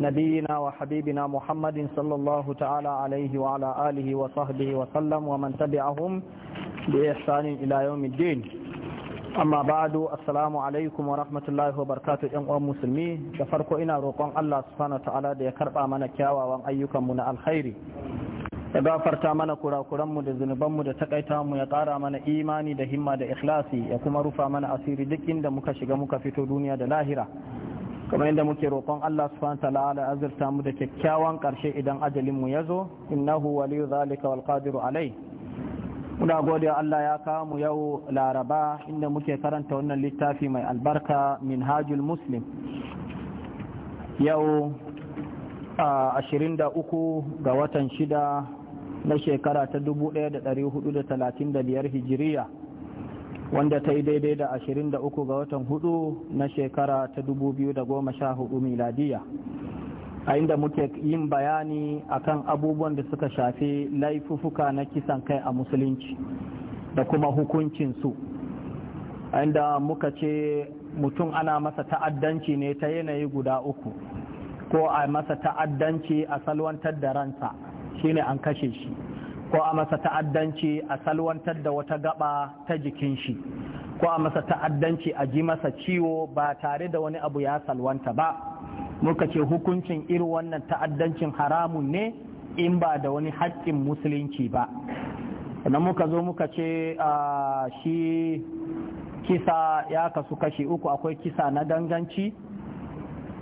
نبينا وحبيبنا محمد صلى الله تعالى عليه وعلى آله وصحبه وسلم ومن تبعهم بإحسان إلى amma ba'adu assalamu alaikum wa rahmatullahi wa barkatu yan uwan musulmi da farko ina rokon Allah subhanahu ta'ala ya karɓa mana kyawawan ayyukanmu na alkhairi ya gafarta mana kurakuranmu da zunubanmu da takaita mu ya kara mana imani da himma da ikhlasi ya kuma rufa mana asiri duk inda muka shiga muka fito duniya da lahira kamar yadda muke roƙon Allah subhanahu wa ta'ala azurta mu da kyakkyawan ƙarshe idan ajalin mu yazo innahu waliyu zalika wal qadiru alai muna gode Allah ya kawo mu yau laraba inda muke karanta wannan littafi mai albarka minhajul muslim yau ashirin da uku ga watan shida na shekara ta 1435 hijiriya wanda ta yi daidai da 23 ga watan hudu na shekara ta 2014 miladiya a inda muke yin bayani akan abubuwan da suka shafi laifufuka na kisan kai a musulunci da kuma hukuncinsu a inda muka ce mutum ana masa ta'addanci ne ta yanayi guda uku ko a masa ta'addanci a salwantar da ransa shine an kashe shi ko a masa ta'addanci a salwantar da wata gaba ta jikin shi ko a masa ta'addanci a ji masa ciwo ba tare da wani abu ya salwanta ba muka ce hukuncin irin wannan ta'addancin haramun ne in ba da wani haƙƙin musulunci ba sannan muka zo muka ce shi kisa ya kasu kashi uku akwai kisa na danganci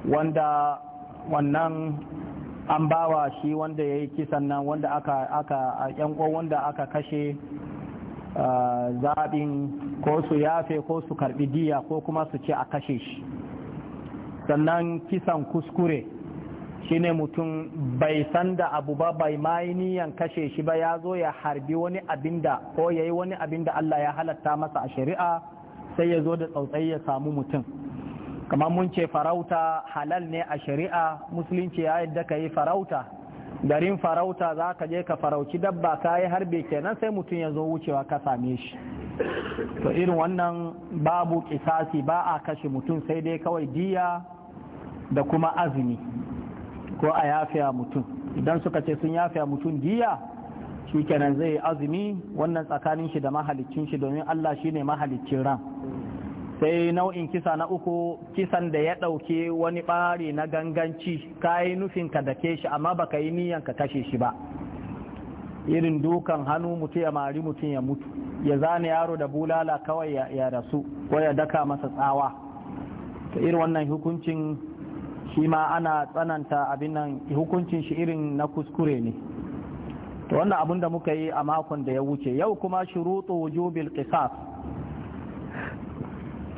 wanda wannan an bawa shi wanda ya yi kisan nan wanda aka aka yanko wanda aka kashe ah, zaɓin ko su yafe ko su karɓi diya ko kuma su ce a kashe shi sannan kisan kuskure shine mutum bai san da abu ba bai mai niyan kashe shi ba ya zo ya harbi wani abin da, ko ya yi wani abin da Allah ya halatta masa a shari'a sai ya zo da tsautsai ya samu mutum kamar mun ce farauta halal ne a shari'a musulunci ya yadda ka yi farauta garin farauta za ka je ka farauci dabba ka yi harbe kenan sai mutum ya zo wucewa ka same shi to irin wannan babu kisasi ba a kashe mutum sai dai kawai diya da kuma azumi ko a yafiya mutum idan suka ce sun yafiya mutum diya shi kenan zai azumi wannan tsakanin shi da mahalicin shi domin allah shine mahaliccin ran sai nau'in kisa na uku kisan da ya ɗauke wani ɓari na ganganci ka yi nufin ka dake shi amma baka yi niyan ka kashe shi ba irin dukan hannu mutu ya mari mutum ya mutu ya zane yaro da bulala kawai ya rasu ko ya daka masa tsawa ta irin wannan hukuncin shi ma ana tsananta abin nan hukuncin shi irin na kuskure ne to wannan abin da muka yi a makon da ya wuce yau kuma shuruɗu wujubil qisas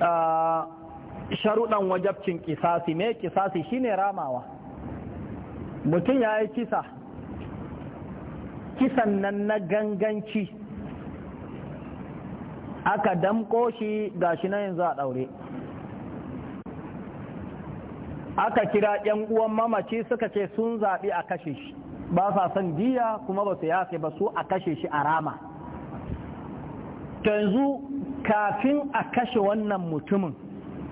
sharuɗan wajabcin kisasi me kisasi shine ramawa mutum ya yi kisa kisan nan na ganganci aka damko shi gashi na yanzu a ɗaure aka kira ‘yan uwan mamaci suka ce sun zaɓi a kashe shi ba sa son biya kuma ba su yafe ba su a kashe shi a rama yanzu kafin a kashe wannan mutumin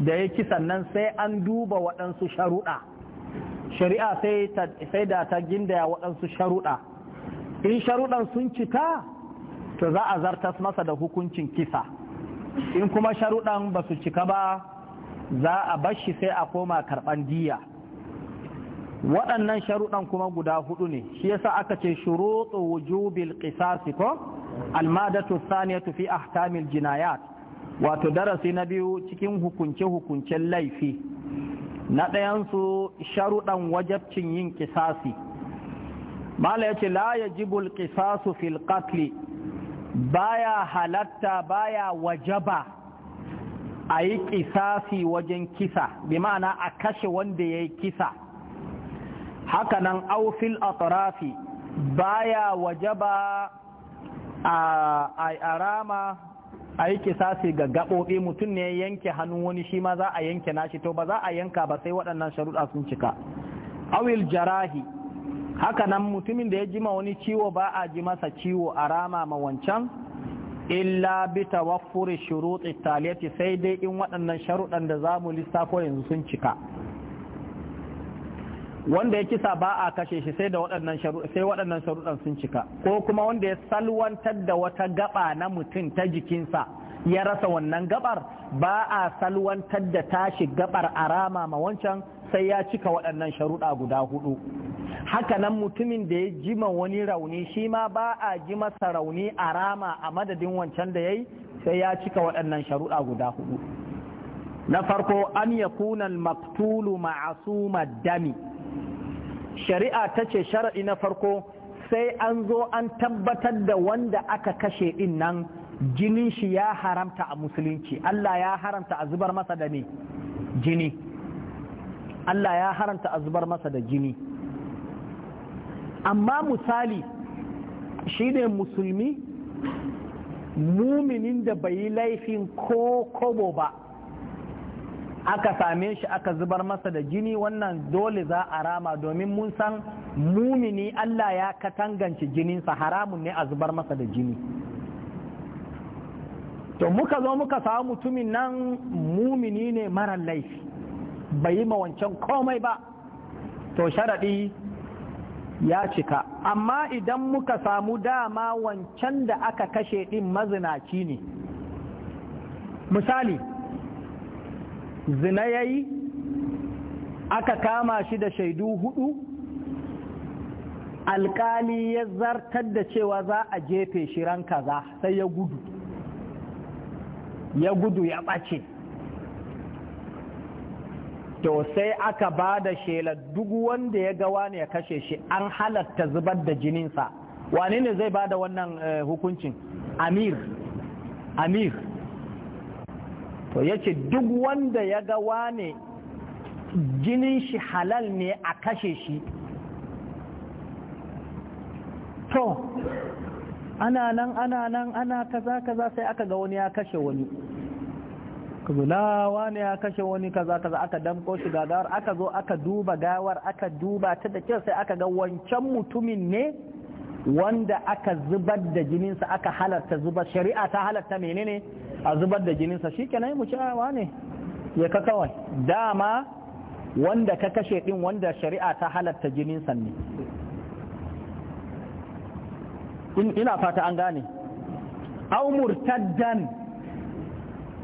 da ya ki sannan sai an duba waɗansu sharuɗa shari'a sai da ta gindaya waɗansu sharuɗa in sharuɗan sun cika to za a zartas masa da hukuncin kisa in kuma sharuɗan ba su cika ba za a bashi sai a koma karɓan diya waɗannan sharuɗan kuma guda hudu ne shi yasa aka ce shuruɗu wujubil qisasi ko almadatu thaniyatu fi ahkamil jinayat wato darasi na biyu cikin hukunce-hukuncen laifi na ɗayansu sharuɗan wajabcin yin kisasi mala ya ce la ya jibul kisasu fil qatli baya halatta baya wajaba a yi kisasi wajen kisa bi ma'ana a kashe wanda ya yi kisa hakanan aufil atrafi baya wajaba a rama a yi kisasi ga gaɓoɓi mutum ne yanke hannu wani shi ma za a yanke nashi to ba za a yanka ba sai waɗannan sharuɗa sun cika awil jarahi haka nan mutumin da ya jima wani ciwo ba a ji masa ciwo a rama ma wancan illa bi tawaffuri shuruɗi taliyati sai dai in waɗannan sharuɗan da zamu lissafo yanzu sun cika wanda ya kisa ba a kashe shi sai da waɗannan sai waɗannan sharuɗan sun cika ko kuma wanda ya salwantar da wata gaba na mutum ta jikinsa ya rasa wannan gabar ba a salwantar da tashi gabar a rama ma wancan sai ya cika waɗannan sharuɗa guda hudu hakanan mutumin da ya jima wani rauni shi ma ba a ji masa rauni a rama a madadin wancan da ya yi sai ya cika waɗannan sharuɗa guda hudu na farko an yakuna maktulu ma'asuma dami shari'a ta ce shara'i na farko sai an zo an tabbatar da wanda aka kashe din nan jinin shi ya haramta a musulunci Allah ya haramta a zubar masa da ne jini Allah ya haramta a zubar masa da jini amma misali shi ne musulmi muminin da bai yi laifin ko kobo ba aka same shi aka zubar masa da jini wannan dole za a rama domin mun san mumini Allah ya katangance jininsa haramun ne a zubar masa da jini to muka zo muka samu mutumin nan mumini ne mara laifi bai yi wancan komai ba to sharaɗi ya cika amma idan muka samu dama wancan da aka kashe ɗin mazinaci ne misali zina ya aka kama shi da shaidu hudu alkali ya zartar da cewa za a jefe shi ran kaza sai ya gudu ya gudu ya ɓace to sai aka ba da shelar duk wanda ya ga wani ya kashe shi an halatta zubar da jininsa wane ne zai ba da wannan eh, hukuncin amir amir to yace duk wanda ya ga wane jinin shi halal ne a kashe shi to ana nan ana nan ana kaza kaza sai aka ga wani ya kashe wani kabulawa ne ya kashe wani kaza kaza aka damko shi gawar aka zo aka duba gawar aka duba ta da kyau sai aka ga wancan mutumin ne wanda aka zubar da jininsa aka halarta zubar shari'a ta halarta menene a zubar da jininsa shi kenan mu ci ah, ne ya ka kawai dama wanda ka kashe din wanda shari'a ta halatta jininsa ne ina fata an gane au murtaddan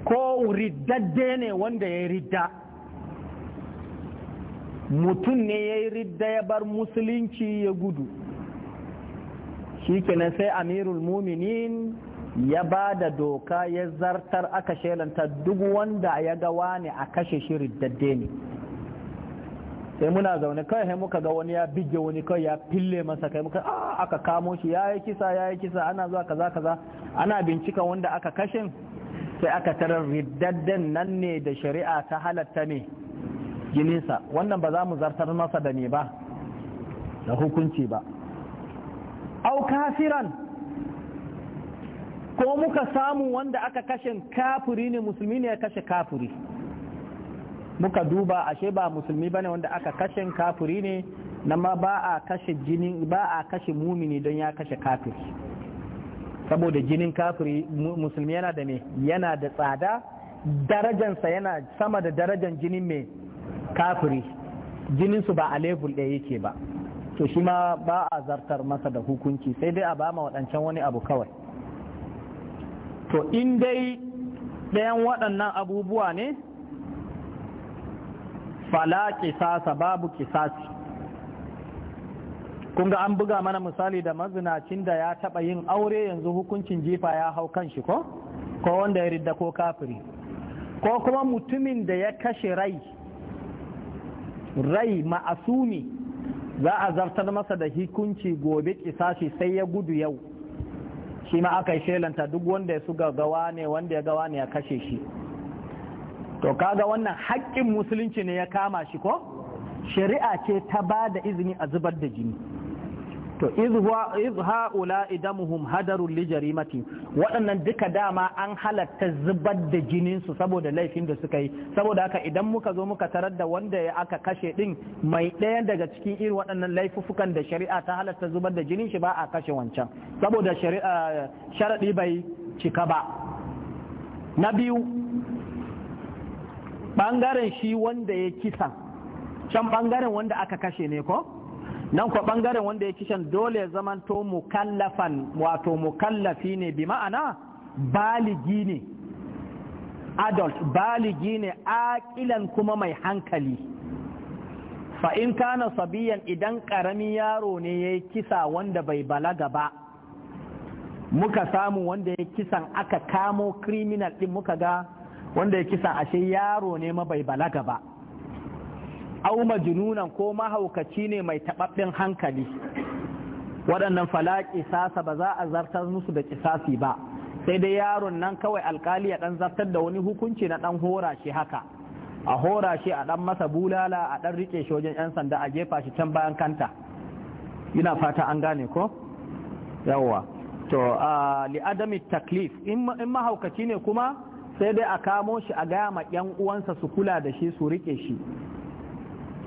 ko riddadde ne wanda ya ridda mutum ne ya ridda ya bar musulunci ya gudu shi sai amirul muminin ya ba da doka ya zartar aka shelanta duk wanda ya ga wani a kashe shi riddadde ne sai muna zaune kai sai muka ga wani ya bige wani kai ya fille masa kai muka ah, aka kamo shi ya yi kisa ya yi kisa ana zuwa kaza kaza ana bincika wanda aka kashe sai aka tarar riddadden nan ne da shari'a ta halatta ne jininsa wannan ba za mu zartar masa da ne ba da hukunci ba au kafiran ko muka samu wanda aka kashe kafuri ne musulmi ne ya kashe kafuri muka duba ashe ba musulmi bane wanda aka kashe kafuri ne na ma ba a kashe jini ba a kashe mumini don ya kashe kafiri saboda jinin kafiri musulmi yana da me yana da tsada darajansa yana sama da darajan jinin mai kafiri jininsu ba a lebul ɗaya yake ba to shi ma ba a zartar masa da hukunci sai dai a ba ma waɗancan wani abu kawai to in dai ɗayan waɗannan abubuwa ne fala kisasa babu kisasi kunga an buga mana misali da mazinacin da ya taɓa yin aure yanzu hukuncin jifa ya hau kan shi ko ko wanda ya ridda ko kafiri ko kuma mutumin da ya kashe rai rai ma'asumi za a zartar masa da hukunci gobe kisashi sai ya gudu yau shi ma aka yi shelanta duk wanda ya su gawa ne wanda ya gawa ne ya kashe shi to kaga wannan haƙƙin musulunci ne ya kama shi ko shari'a ce ta ba da izini a zubar da jini to iz ha'ula idamuhum hadarun li jarimati waɗannan duka dama an halatta zubar da jinin su saboda laifin da suka yi saboda haka idan muka zo muka tarar da wanda ya aka kashe din mai ɗaya daga cikin irin waɗannan laifufukan da shari'a ta halatta zubar da jinin shi ba a kashe wancan saboda shari'a sharadi bai cika ba na biyu bangaren shi wanda ya kisa can bangaren wanda aka kashe ne ko nan kwa bangaren wanda ya kishan dole ya zamanto mukallafan wato mukallafi ne bi ma'ana baligi ne adult baligi ne aƙilan kuma mai hankali fa in kana sabiyan idan ƙaramin yaro ne ya kisa wanda bai balaga ba muka samu wanda ya kisan aka kamo criminal ɗin muka ga wanda ya kisan ashe yaro ne ma bai balaga ba au majununan ko mahaukaci ne mai taɓaɓɓen hankali waɗannan falaƙi ƙisasa ba za a zartar musu da ƙisasi ba sai dai yaron nan kawai alkali ya ɗan zartar da wani hukunci na ɗan hora shi haka a hora shi a ɗan masa bulala a ɗan riƙe shi wajen 'yan sanda a jefa shi can bayan kanta ina fata an gane ko yawwa to a li'adami taklif in mahaukaci ne kuma sai dai a kamo shi a gaya ma 'yan uwansa su kula da shi su riƙe shi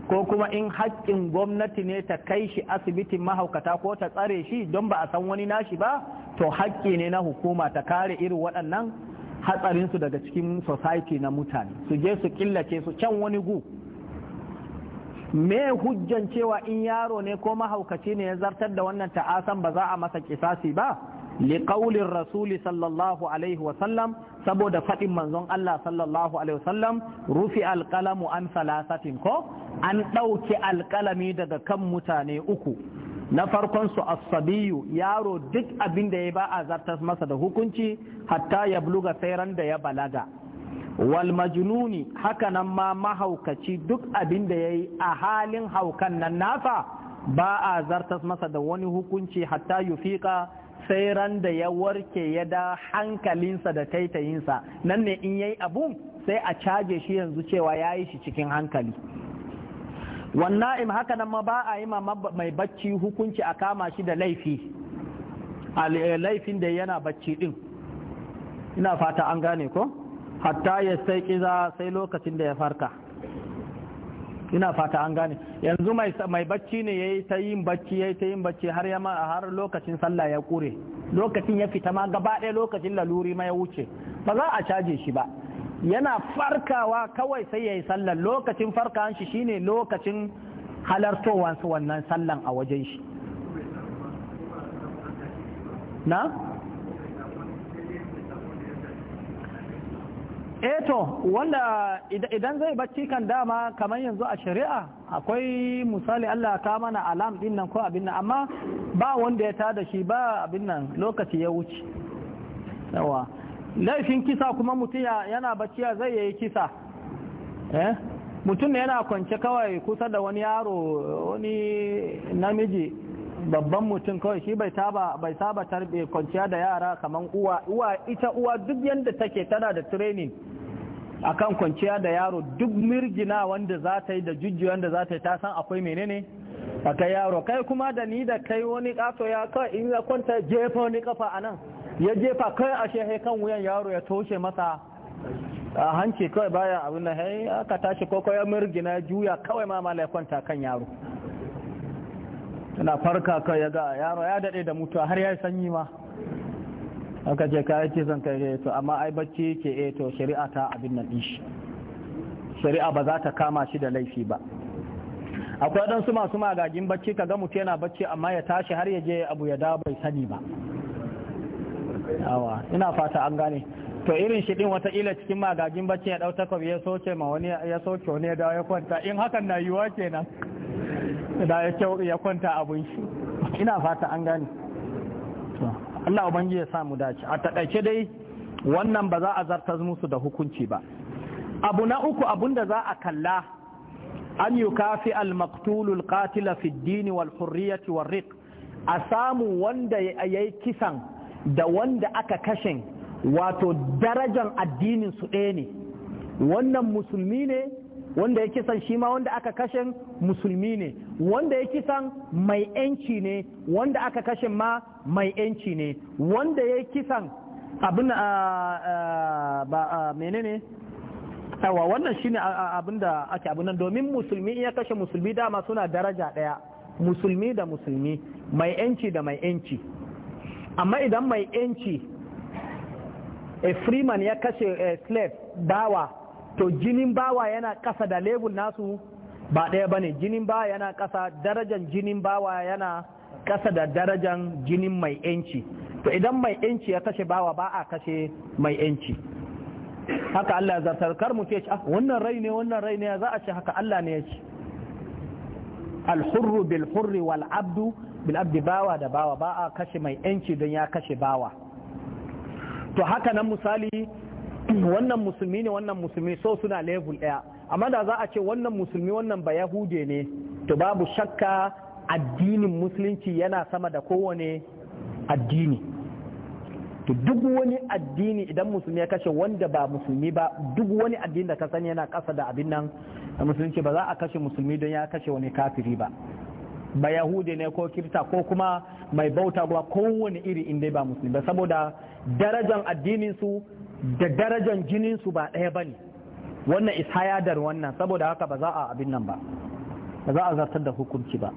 ko kuma in haƙƙin gwamnati ne ta kai shi asibitin mahaukata ko ta tsare shi don ba a san wani nashi ba to haƙƙi ne na hukuma ta kare irin waɗannan hatsarinsu daga cikin society na mutane su je su killace su can wani gu me hujjan cewa in yaro ne ko mahaukaci ne ya zartar da wannan ta'asan ba za a masa kisasi ba liƙaulin rasuli sallallahu alaihi wa sallam saboda faɗin manzon Allah sallallahu alaihi wa sallam, rufi alƙalamu an salasatin ko an ɗauki alƙalami daga kan mutane uku na farkon su asabiyu yaro duk abin da ya ba a zartas masa da hukunci hatta ya buluga sai da ya balaga wal majnuni hakanan ma mahaukaci duk abin da ya yi a halin haukan nan nasa ba a zartas masa da wani hukunci hatta yufika sai ran da ya warke ya da hankalinsa da taitayinsa nan ne in yayi abu sai a caje shi yanzu cewa ya yi shi cikin hankali Wannan haka nan ma ba a yi ma mai bacci hukunci a kama shi da laifi eh, laifin da yana bacci din ina fata an gane ko hatta ya sai kiza sai lokacin da ya farka ina fata an gane yanzu mai mai bacci ne yayi ta yin bacci yayi ta yin bacci har ya har lokacin sallah ya kure lokacin ya fita ma gaba ɗaya lokacin laluri ma ya wuce ba za a caje shi ba yana farkawa kawai sai ya yi sallan lokacin farkawan shi shine lokacin halartowa su wannan sallan a wajen shi na? eto eh wanda idan zai bacci kan dama kamar yanzu a shari'a akwai misali Allah ka mana alam din nan ko abin nan amma ba wanda ya tada shi ba abin nan lokaci ya wuce yawa laifin kisa kuma mutum yana bacciya zai yi kisa eh mutum ne yana kwance kawai kusa da wani yaro wani namiji babban mutum kawai shi bai taba bai saba tarbe kwanciya da yara kaman uwa uwa ita uwa duk yanda take tana da training akan kwanciya da yaro duk mirgina wanda za ta yi da jujju wanda za ta yi ta san akwai menene akai yaro kai kuma da ni da kai wani kaso ya kawai in ya kwanta jefa wani kafa anan ya jefa kai a shehe kan wuyan yaro ya toshe masa a hanci kawai baya abin da hai aka tashi koko ya mirgina juya kawai ma mala ya kan yaro tana farka kai ya ga yaro ya daɗe da mutuwa har ya sanyi ma aka ce ka yake zan kai to amma ai bacci ke eh to shari'a ta abin nan din shi shari'a ba za ta kama shi da laifi ba akwai dan su masu magagin bacci ka ga mutum yana bacci amma ya tashi har ya je abu ya dawo bai sani ba awa ina fata an gane to irin shi din wataƙila cikin magagin bacci ya ɗauta kwabi ya soke ma wani ya soke wani ya dawo ya kwanta in hakan na yiwuwa kenan da ya ya kwanta abun shi ina fata an gane Allah ubangi ya samu dace a taƙaice dai wannan ba za a zartar musu da hukunci ba abu na uku abunda za a kalla an yi kafi al-maktulul qatila fi dini wal hurriyati wal riq a samu wanda ya yi kisan da wanda aka kashe wato darajan addinin su ɗaya ne wannan musulmi ne wanda ya kisan shi ma wanda aka kashe musulmi ne wanda ya kisan mai yanci ne wanda aka kashe ma mai yanci ne wanda ya kisan abin ba menene yawa wannan shine abin da ake abin nan domin musulmi ya kashe musulmi dama suna daraja ɗaya musulmi da musulmi mai yanci da mai yanci amma idan mai yanci a freeman ya kashe a eh, slave bawa to jinin bawa yana kasa da lebul nasu ba ɗaya bane jinin bawa yana kasa darajan jinin bawa yana kasa da darajan jinin mai yanci to idan mai yanci ya kashe bawa ba a kashe mai yanci haka Allah ya zartar kar mu ce ah, wannan rai ne wannan rai ne za a ce haka Allah ne ya ce al-hurru bil hurri wal abdu bil'abdi bawa da bawa ba a kashe mai yanci don ya kashe bawa to haka nan misali wannan musulmi ne wannan musulmi so suna level ɗaya amma da za a ce wannan musulmi wannan ba yahude ne to babu shakka addinin musulunci yana sama da kowane addini to duk wani addini idan musulmi ya kashe wanda ba musulmi ba duk wani addini da ka sani yana kasa da abin nan musulunci ba za a kashe musulmi don ya kashe wani kafiri ba ba yahudi ne ko Kirta ko kuma mai bauta ba kowane iri inda ba musulmi ba saboda darajan addinin su da darajan jinin su ba ɗaya bane wannan ishayadar wannan saboda haka ba za a abin nan ba ba za a zartar da hukunci ba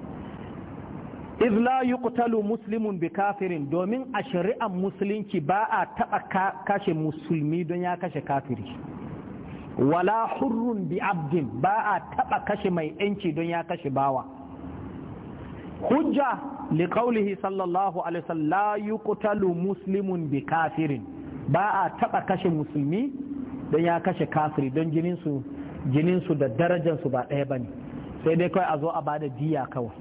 iz la yuqtalu muslimun bi kafirin domin a shari'ar musulunci ba a taɓa kashe musulmi don ya kashe kafiri wala hurrun bi abdin ba a taɓa kashe mai yanci don ya kashe bawa hujja li qawlihi sallallahu alaihi wasallam la yuqtalu muslimun bi kafirin ba a taba kashe musulmi don ya kashe kafiri don jininsu su da su ba ɗaya bane sai dai kawai a zo a bada diya kawai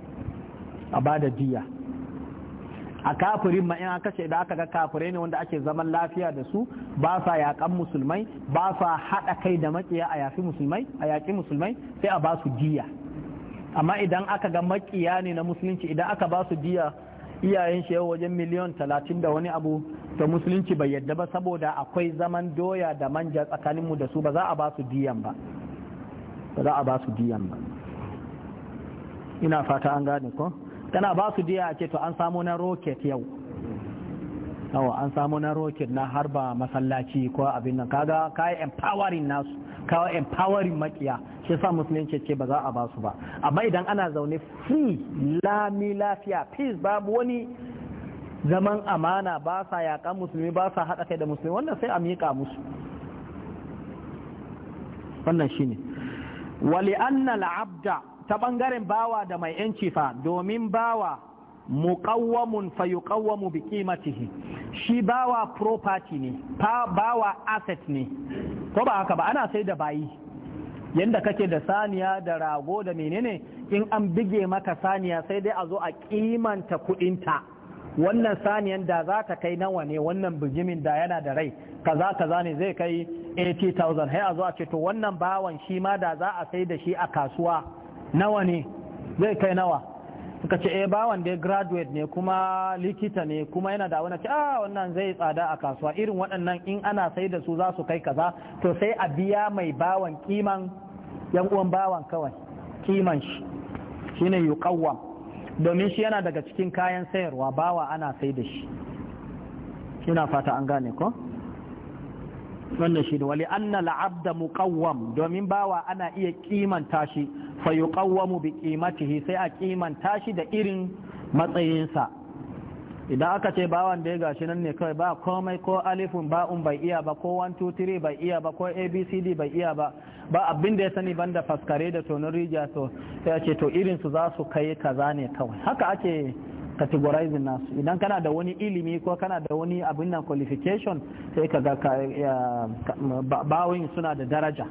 a bada diya a kafirin ma in kashe da aka ga kafire ne wanda ake zaman lafiya da su ba sa yakan musulmai ba sa haɗa kai da makiya a yafi musulmai a yaƙi musulmai sai a ba su diya amma idan aka ga makiya ne na musulunci idan aka ba su diya iyayen shi wajen miliyan talatin da wani abu da musulunci bai yadda ba saboda akwai zaman doya da manja tsakaninmu da su ba za a ba su diyan ba ba za a ba su diyan ba ina fata an gane ko tana ba su diya a ce to an samu na roket yau awa an samu na roket na harba masallaci ko abin nan kaga kai empowering nasu kawo empowering makiya shi sa musulunci ce ba za a ba su ba amma idan ana zaune free lami lafiya peace babu wani zaman amana ba sa yaƙan musulmi ba sa haɗa kai da musulmi wannan sai a miƙa musu wannan shi ne wali annal abda ta ɓangaren bawa da mai yanci fa domin bawa muqawwamun fa mu bi qimatihi shi bawa property ne bawa asset ne ko ba haka ba ana sai da bayi yadda kake da saniya da rago da menene in an bige maka saniya sai dai a zo a kimanta kudinta wannan saniyan da za ta kai nawa ne wannan bijimin da yana da rai kaza kaza ne zai kai 80,000 hai a zo a ce to wannan bawan shi ma da za a sai da shi a kasuwa nawa ne zai kai nawa suka ce eh bawan da graduate ne kuma likita ne kuma yana da wani ce a ah, wannan zai tsada a kasuwa irin waɗannan in ana sai da su za su kai kaza to sai a biya mai bawan kiman yan uwan bawan kawai kiman shi shine yuqawwam domin shi yana daga cikin kayan sayarwa bawa ana sai da shi ina fata an gane ko wannan shi ne wali anna la'abda muqawwam domin bawa ana iya ƙimanta shi fa yuqawwamu bi qimatihi sai a ƙimanta shi da irin matsayinsa idan aka ce bawan da ya gashi nan ne kawai ba komai ko alifun ba'un bai iya ba ko 1 2 bai iya ba ko abcd bai iya ba ba abin da ya sani banda faskare da tonon rijiya to sai ce to irin za su kai kaza ne kawai haka ake categorizing nasu idan kana da wani ilimi ko kana da wani abin nan qualification sai ka ga bawin suna da daraja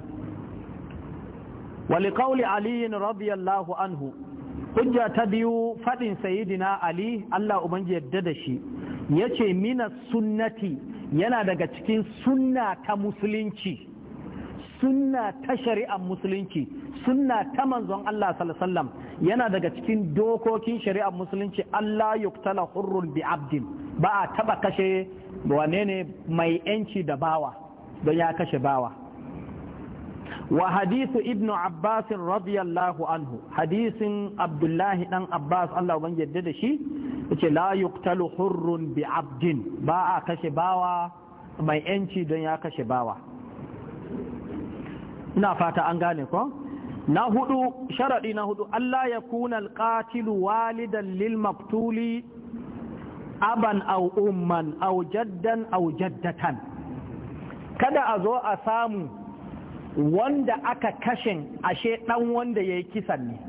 wali qawli ali radiyallahu anhu hujja ta biyu fadin sayyidina ali Allah ubangi yadda da shi yace mina sunnati yana daga cikin sunna ta musulunci sunna ta shari'ar musulunci sunna ta manzon Allah sallallahu alaihi wasallam yana daga cikin dokokin shari'ar musulunci Allah yuktala hurrun bi abdin ba a taba kashe wane ne mai yanci da bawa don ya kashe bawa wa hadithu Ibn abbas radiyallahu anhu hadisin abdullahi dan abbas Allah ban yadda da shi yace la yuqtalu hurrun bi abdin ba a kashe bawa mai yanci don ya kashe bawa ina fata an gane ko na hudu sharaɗi na hudu Allah ya kuna alƙatilu walidan lil maktuli aban au umman au jaddan au jaddatan kada a zo a samu wanda aka kashin ashe ɗan wanda ya yi kisan ne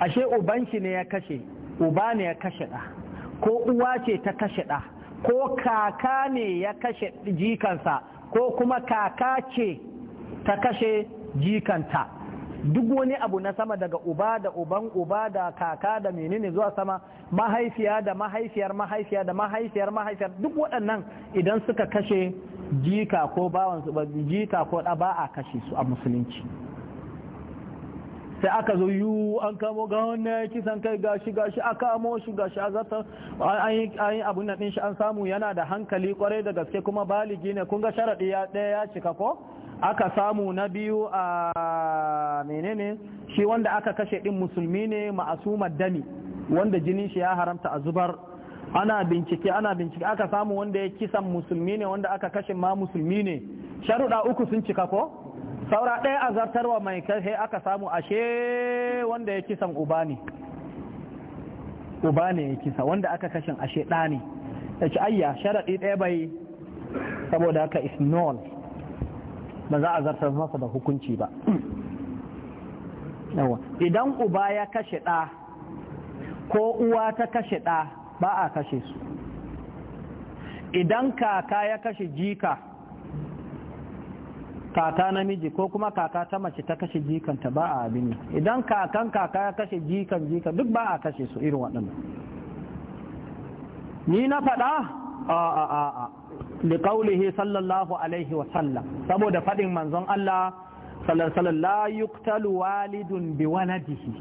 ashe ubanki ne ya kashe uba ne ya kashe ɗa ko uwa ce ta kashe ɗa ko kaka ne ya kashe jikansa ko kuma kaka ce ta kashe jikanta duk wani abu na sama daga uba da uban uba da kaka da menene zuwa sama mahaifiya da mahaifiyar mahaifiya da mahaifiyar mahaifiyar duk waɗannan idan suka kashe jika ko bawansu ba jika ko ɗa ba a kashe su a musulunci sai aka zo yu an kamo ga wannan kisan kai gashi gashi aka amo shi gashi a zata an yi abun nan shi an samu yana da hankali kwarai da gaske kuma baligi ne kun ga sharaɗi ya ɗaya ya cika ko aka samu na biyu a menene shi wanda aka kashe ɗin musulmi ne ma'asumar dami wanda jinin shi ya haramta a zubar ana bincike ana bincike aka samu wanda ya kisan musulmi ne wanda aka kashe ma musulmi ne sharuɗa uku sun cika ko saura ɗaya a zartarwa mai karhe aka samu ashe wanda ya kisan uba ne uba ne ya kisa wanda aka kashin ashe ɗa ne ya ci ayya sharaɗi ɗaya bai saboda haka is null ba za a zartar masa da hukunci ba idan uba ya kashe ɗa ko uwa ta kashe ɗa ba a kashe su idan kaka ya kashe jika kaka namiji ko kuma kaka ta mace ta kashe jikanta ba a abin idan kakan kaka ya kashe jikan jikan duk ba a kashe su irin waɗannan ni na faɗa a a a liƙaulihi sallallahu alaihi wa sallam saboda faɗin manzon Allah sallallahu alaihi wa walidun bi waladihi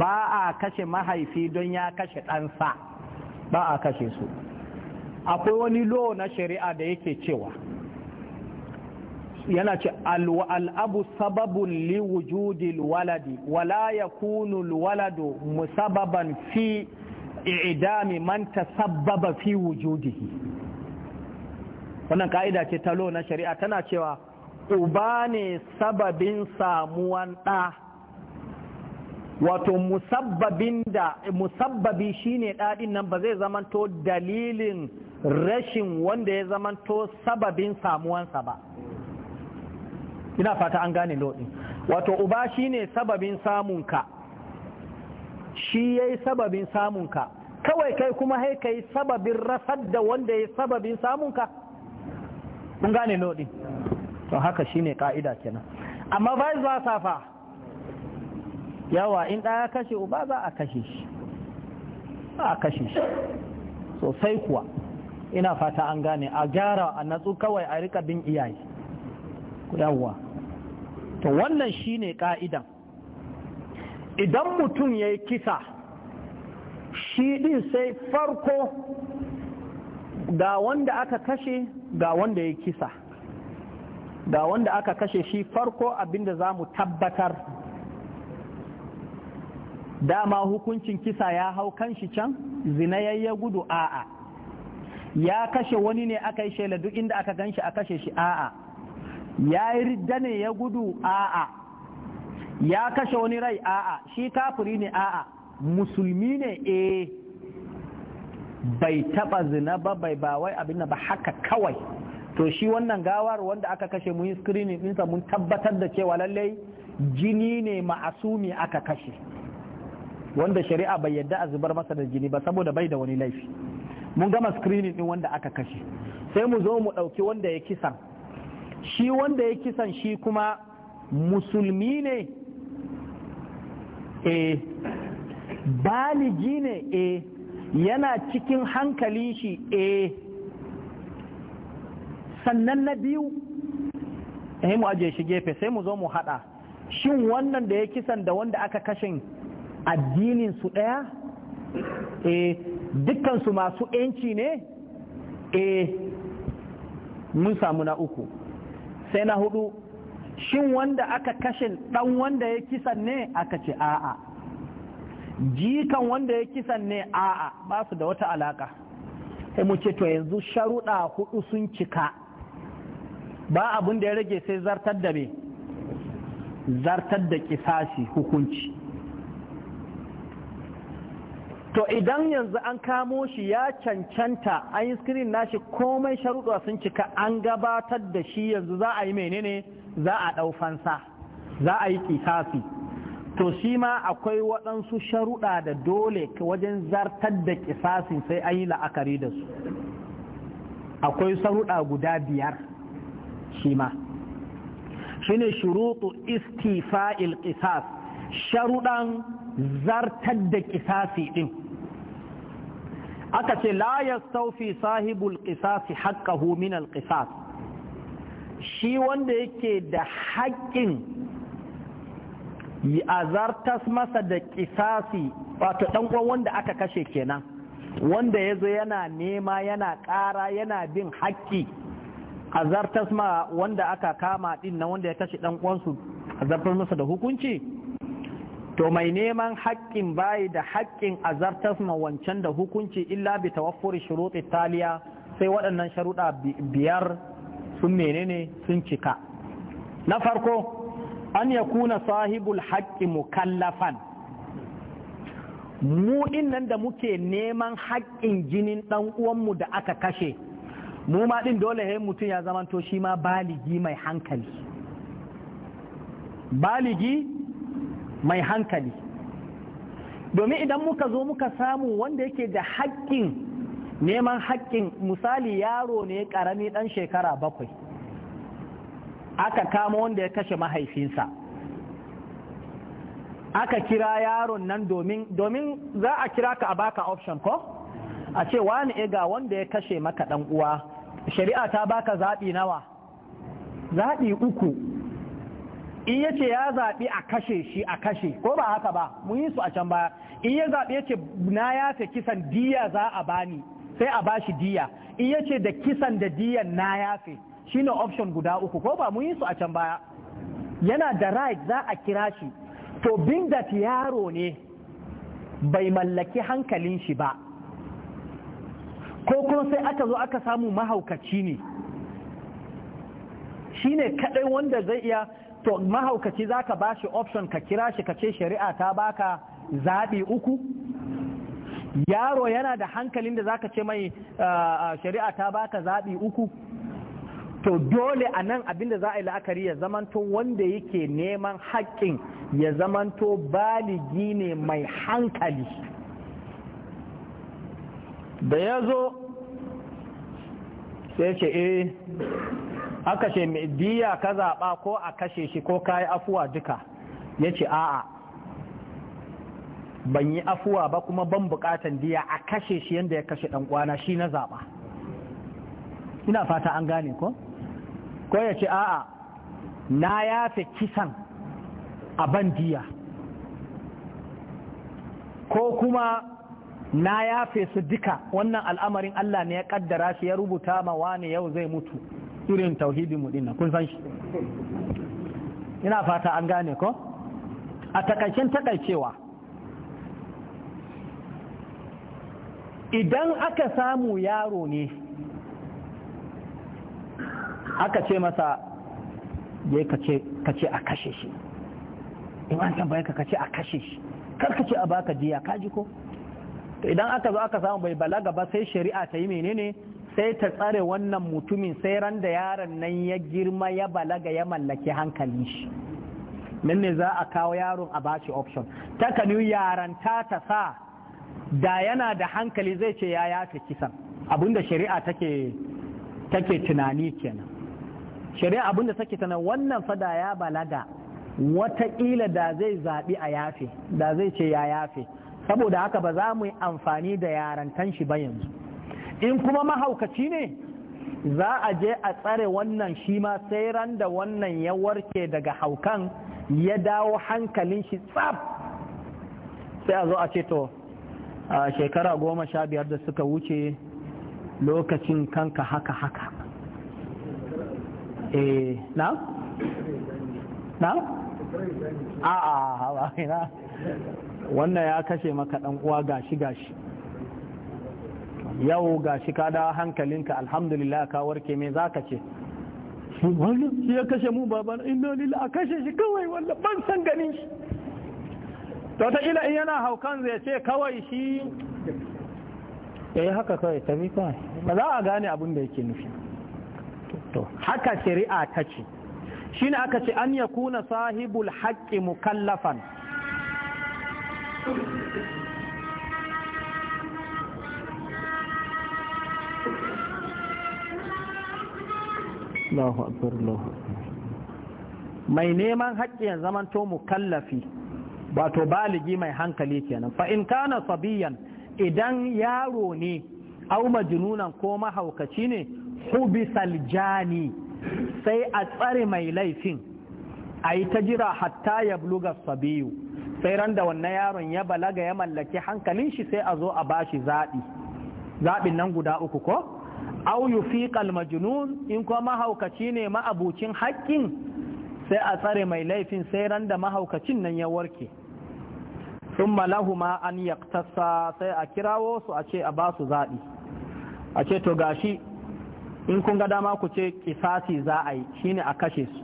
ba a kashe mahaifi don ya kashe ɗansa ba a kashe su akwai wani lo na shari'a da yake cewa yana ce al'abu sababun li wujudi waladi wala ya kunu waladu musababan fi idami man sababa fi wujudihi wannan ka'ida ce talo na shari'a tana cewa uba ne sababin samuwan ɗa wato musabbabin da musabbabi shine ɗaɗin nan ba zai zamanto dalilin rashin wanda ya zamanto sababin samuwansa ba ina fata an gane lodi wato uba shine sababin samunka shi yayi sababin samunka kawai kai kuma hai kai sababin rasar da wanda yayi sababin samunka kun gane lodi to haka shine ka'ida kenan amma bai zuwa safa yawa in ɗaya kashe uba za a kashe shi a kashe shi sosai kuwa ina fata an gane a gyara a natsu kawai a rika bin iyaye yawwa to wannan shine ka'idan idan mutum ya yi kisa shi ɗin sai farko ga wanda aka kashe ga wanda ya kisa ga wanda aka kashe shi farko abinda za mu tabbatar dama hukuncin kisa ya hau kanshi can zinayayya gudu a'a ya kashe wani ne aka yi shela duk inda aka ganshi a kashe shi a'a ya yi ridda ne ya gudu a'a ya kashe wani rai a'a shi kafiri ne a'a musulmi ne e bai taba zina ba bai ba wai abin ba haka kawai to shi wannan gawar wanda aka kashe mun yi screening dinsa mun tabbatar da cewa lallai jini ne ma'asumi aka kashe wanda shari'a bai yadda a zubar masa da jini ba saboda bai da wani laifi mun gama screening din wanda aka kashe sai mu zo mu ɗauki wanda ya kisan shi wanda ya kisan shi kuma musulmi ne e baligi ne e yana cikin hankali shi e sannan na biyu eh mu aje shi gefe sai mu zo mu hada shin wannan da ya kisan da wanda aka kashe addinin su daya eh dukkan su masu yanci ne e mun samu na uku sai na hudu shin wanda aka kashe dan wanda ya kisan ne aka ce a'a jikan wanda ya kisan ne a'a ba su da wata alaka sai mu ce to yanzu sharuɗa hudu sun cika ba abin da ya rage sai zartar da me zartar da kisashi hukunci to idan yanzu an kamo shi ya cancanta an yi screen nashi komai sharuɗa sun cika an gabatar da shi yanzu za a yi menene za a ɗau fansa za a yi kisasi to shi ma akwai waɗansu sharuɗa da dole wajen zartar da kisasin sai an yi la'akari da su akwai sharuɗa guda biyar shi ma shi ne shuruɗu istifa'il kisas sharuɗan zartar da kisasi ɗin aka ce la saufi sahibul ƙisasi haqqahu min al shi wanda yake da haƙƙin yi azartas masa da kisasi wato ɗan'uwan wanda aka kashe kenan wanda ya zo yana nema yana ƙara yana bin haƙƙi azartas ma wanda aka kama ɗin na wanda ya kashe a azartas masa da hukunci to mai neman haƙƙin bayi da haƙƙin azartas ma wancan da hukunci illa bi tawaffuri shuruɗi taliya sai waɗannan sharuɗa biyar sun menene sun cika na farko an ya kuna sahibul haƙƙi mukallafan mu nan da muke neman haƙƙin jinin ɗan uwanmu da aka kashe mu ma ɗin dole ya mutum ya zamanto shi ma baligi mai hankali baligi mai hankali domin idan muka zo muka samu wanda yake da haƙƙin neman haƙƙin misali yaro ne ƙarami ɗan shekara bakwai aka kama wanda ya kashe mahaifinsa aka kira yaron nan domin domin za a kira ka a baka option ko a ce wani eh, ga wanda ya kashe maka ɗan uwa shari'a ta baka zaɓi nawa zaɓi uku in ya ce ya zaɓi a kashe shi a kashe ko ba haka ba mu yi su a can baya in ya zaɓi ya na ya ta kisan diya za a bani sai a bashi diya in ya ce da kisan da diyan na yafe shine option guda uku ko ba mu yi su a can baya yana da right za a kira shi to bin da yaro ne bai mallaki hankalin shi ba ko kuma sai aka zo aka samu mahaukaci ne shine kaɗai wanda zai iya to mahaukaci za ka ba shi option ka kira shi ka ce shari'a ta baka zaɓi uku yaro yana da hankalin da za ka ce mai ah, ah, shari'a ta baka zaɓi uku to dole a nan abinda za a yi la'akari ya zamanto wanda yake neman haƙƙin ya zamanto baligi ne mai hankali da ya zo sai ce eh aka ce diya ka zaɓa ko a kashe shi ko kayi afuwa duka ya ce a'a ban yi afuwa ba kuma ban buƙatan diya a kashe shi yadda ya kashe ɗan kwana shi na zaɓa ina fata an gane ko ko ya ce a'a na yafe kisan a ban diya ko kuma na yafe su duka wannan al'amarin Allah ne ya kaddara shi ya rubuta ma wani yau zai mutu irin tauhidin mu dinnan kun san shi ina fata an gane ko a takaicen takaicewa idan aka samu yaro ne aka ce masa je ka ce a kashe shi in an bai ka ce a kashe shi kar ka ce a baka jiya kaji ko to idan aka zo aka samu bai balaga ba sai shari'a ta yi menene sai ta tsare wannan mutumin sai ran da yaron nan ya girma ya balaga ya mallaki hankali shi nan ne za a kawo yaron a bashi option ta kanu yaranta ta sa da yana da hankali zai ce ya yafe kisan abinda shari'a take tunani kenan shari'a abinda take tana wannan fada ya balaga wataƙila da zai zaɓi a yafe da zai ce ya yafe saboda haka ba za mu yi amfani da yarantan shi ba yanzu in kuma mahaukaci ne za a je a tsare wannan shi ma sai ran da wannan ya warke daga haukan ya dawo hankalin shi tsaf sai a zo a ce to a shekara goma sha biyar da suka wuce lokacin kanka haka haka e na? na? a a hawa wannan ya kashe maka dan uwa gashi gashi yau ga shi ka dawo hankalinka alhamdulillah ka warke me za ka ce shi ya kashe mu baban inna lila a kashe shi kawai wallah ban san ganin shi to ta ila in yana haukan zai ce kawai shi ya eh, yi haka kawai bi kawai ba za a gane abin da yake nufi to haka shari'a ta ce shi ne aka ce an ya kuna sahibul haƙƙi mukallafan mai neman haƙƙi mu zamanto mukallafi to baligi mai hankali kenan fa in kana sabiyan idan yaro ne au majnunan ko mahaukaci ne hubisal jani sai a tsare mai laifin a yi ta jira hatta ya buluga sabiyu sai ran da wannan yaron ya balaga ya mallaki hankalin shi sai a zo a bashi zaɓi zaɓin nan guda uku ko au fi majnun in kuma mahaukaci ne ma'abucin haƙƙin sai a tsare mai laifin sai ran da mahaukacin nan ya warke malahu ma an yaktasa sai a kirawo su a ce a ba su zaɓi a ce to gashi in kun ga dama ku ce kisasi za a yi shine a kashe su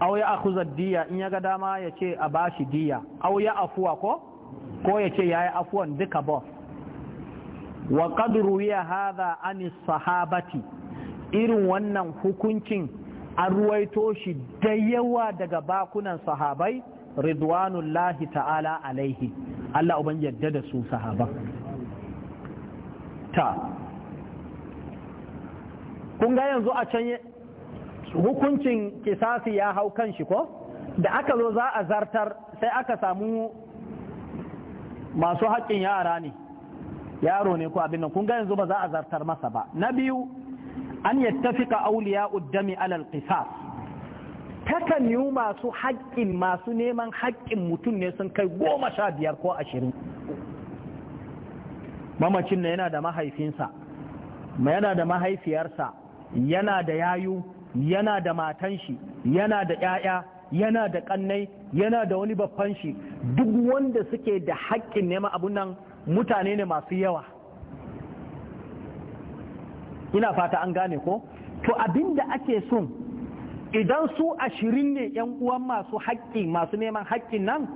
au ya akhuza diya in ya ga dama ya ce a bashi diya au ya afuwa ko ko ya ce ya yi afuwan duka boss wa qad ya hada anis sahabati irin wannan hukuncin an ruwaito shi da yawa daga bakunan sahabai ridwanullahi ta'ala alaihi Allah uban yadda da su sahaba ta kun ga yanzu a can hukuncin kisasi ya hau kan shi ko da aka zo za a zartar sai aka samu masu haƙƙin yara ne yaro ne ko abin nan kun ga yanzu ba za a zartar masa ba na biyu an yattafika auliya uddami alal qisas takan yi masu haƙƙin masu neman haƙƙin mutum ne sun kai goma sha biyar ko ashirin mamacin na yana da mahaifinsa yana da mahaifiyarsa yana da yayu yana da matan shi yana da 'ya'ya yana da kannai yana da wani babban shi duk wanda suke da haƙƙin neman abun nan mutane ne masu yawa ina fata an gane ko to abinda ake son idan su ashirin ne yan uwan masu haƙƙi masu neman haƙƙin nan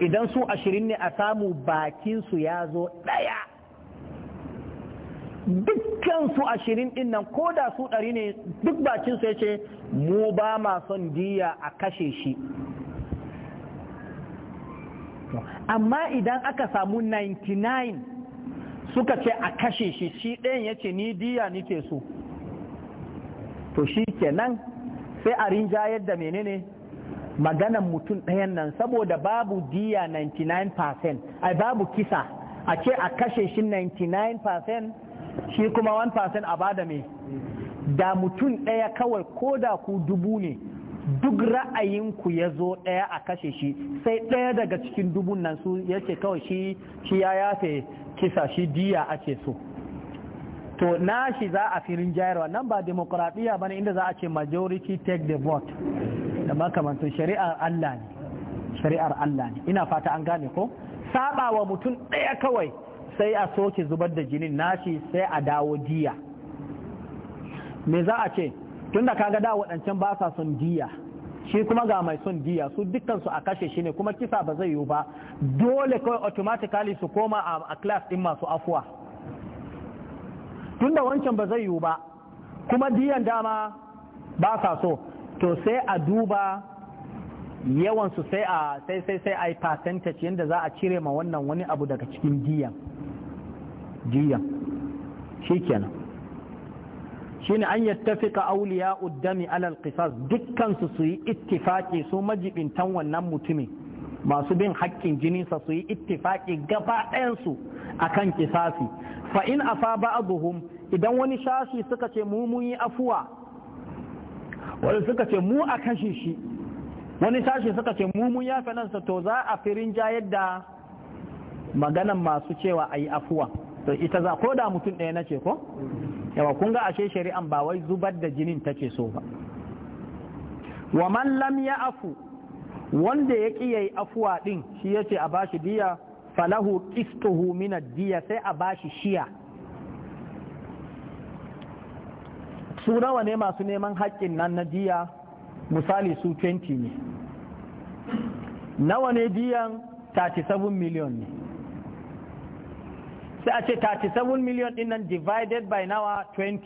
idan su ashirin ne a samu bakinsu ya zo ɗaya dukkan su ashirin ɗin nan ko da su ɗari ne duk bakinsu ya ce mu ba ma son diya a kashe shi amma idan aka samu 99 suka ce a kashe shi shi ɗayan ya ce ni diya ke so to shi kenan sai a rinjayar da menene maganan mutum ɗayan nan saboda babu diya 99% ai babu kisa a ce a kashe shi 99% shi kuma 1% a bada me da mutum ɗaya kawai ko da ku dubu ne duk ra'ayinku ya zo ɗaya a kashe shi sai ɗaya daga cikin dubun nan su ya ce kawai shi ya yafe kisa shi diya ake so to na shi za a filin jayarwa nan ba demokuraɗiyya ba ne inda za a ce majority take the vote da makamantun shari'ar Allah ne shari'ar Allah ne ina fata an gane ko saba wa mutum ɗaya kawai sai a soke zubar da jinin nashi sai a dawo diya me za a ce tunda da kaga da waɗancan ba sa son diya shi kuma ga mai son diya su dukkansu a kashe shi ne kuma kisa ba zai yiwu ba dole kawai automatically su koma a class din masu afuwa tunda wancan ba zai yiwu ba kuma diyan dama ba sa so to sai a duba yawansu sai a sai sai sai a yi percentage yadda za a cire ma wannan wani abu daga cikin diyan diyan shikenan shine an yattafiqa awliya uddami alal qisas dukkan su su yi ittifaqi su majibintan wannan mutumin masu bin haƙƙin sa su yi ittifaqi gaba ɗayan su akan kisasi fa in afa ba'dhum idan wani shashi suka ce mu mun yi afuwa wani suka ce mu a kashe shi wani shashi suka ce mu mun yafe nan sa, to za a firin ja yadda maganan masu cewa ayi afuwa to ita za ko da mutum ɗaya na ce ko yawa kun ga ashe shari'an ba wai zubar da jinin ta take so ba wa man lam ya afu wanda ya ƙi yayi afuwa din shi yace a bashi diya falahu qistuhu min diya sai a bashi shiya su nawa ne masu neman haƙƙin nan na diya misali su 20 ne nawa ne diyan 37 million ne sai a ce 37 million din nan divided by nawa 20